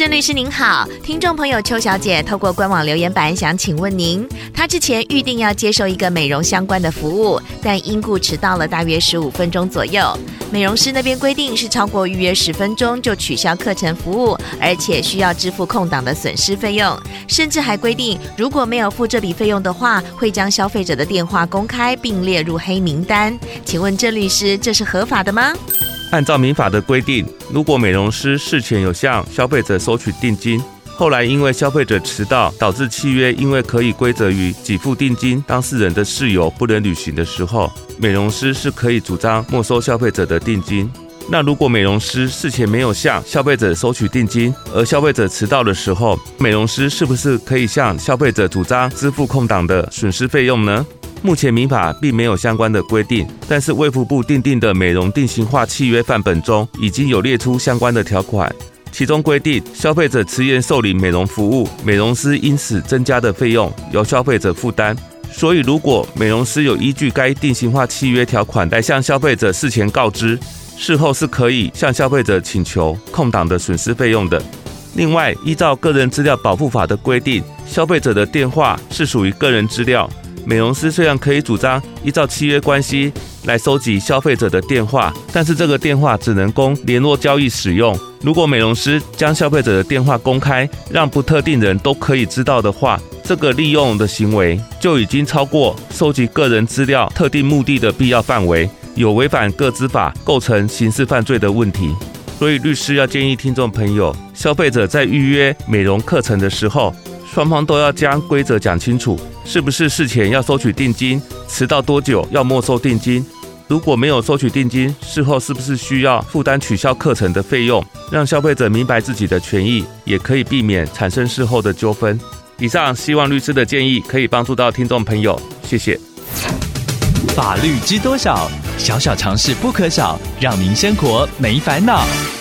鄭律師您好，聽眾朋友邱小姐透過官網留言板想請問您，她之前預定要接受一個美容相關的服務，但因故遲到了大約十五分鐘左右，美容師那邊規定是超過預約十分鐘就取消課程服務，而且需要支付空檔的損失費用，甚至還規定如果沒有付這筆費用的話，會將消費者的電話公開並列入黑名單。請問鄭律師，這是合法的嗎？按照民法的規定，如果美容師事前有向消費者收取定金，後來因為消費者遲到導致契約，因為可以歸責於給付定金當事人的事由不能履行的時候，美容師是可以主張沒收消費者的定金。那如果美容師事前沒有向消費者收取定金，而消費者遲到的時候，美容師是不是可以向消費者主張支付空檔的損失費用呢？目前民法並沒有相關的規定，但是衛福部訂定的美容定型化契約範本中，已經有列出相關的條款，其中規定消費者遲延受理美容服務，美容師因此增加的費用由消費者負擔。所以如果美容師有依據該定型化契約條款來向消費者事前告知，事後是可以向消費者請求空檔的損失費用的。另外依照個人資料保護法的規定，消費者的電話是屬於個人資料。美容師雖然可以主張依照契約關係來收集消費者的電話，但是這個電話只能供聯絡交易使用。如果美容師將消費者的電話公開，讓不特定人都可以知道的話，這個利用的行為就已經超過收集個人資料特定目的的必要範圍，有違反個資法，構成刑事犯罪的問題。所以，律師要建議聽眾朋友，消費者在預約美容課程的時候，雙方都要將規則講清楚，是不是事前要收取定金？遲到多久要沒收定金？如果沒有收取定金，事後是不是需要負擔取消課程的費用？讓消費者明白自己的權益，也可以避免產生事後的糾紛。以上希望律師的建議可以幫助到聽眾朋友，謝謝。法律知多少？小小常識不可少，讓您生活沒煩惱。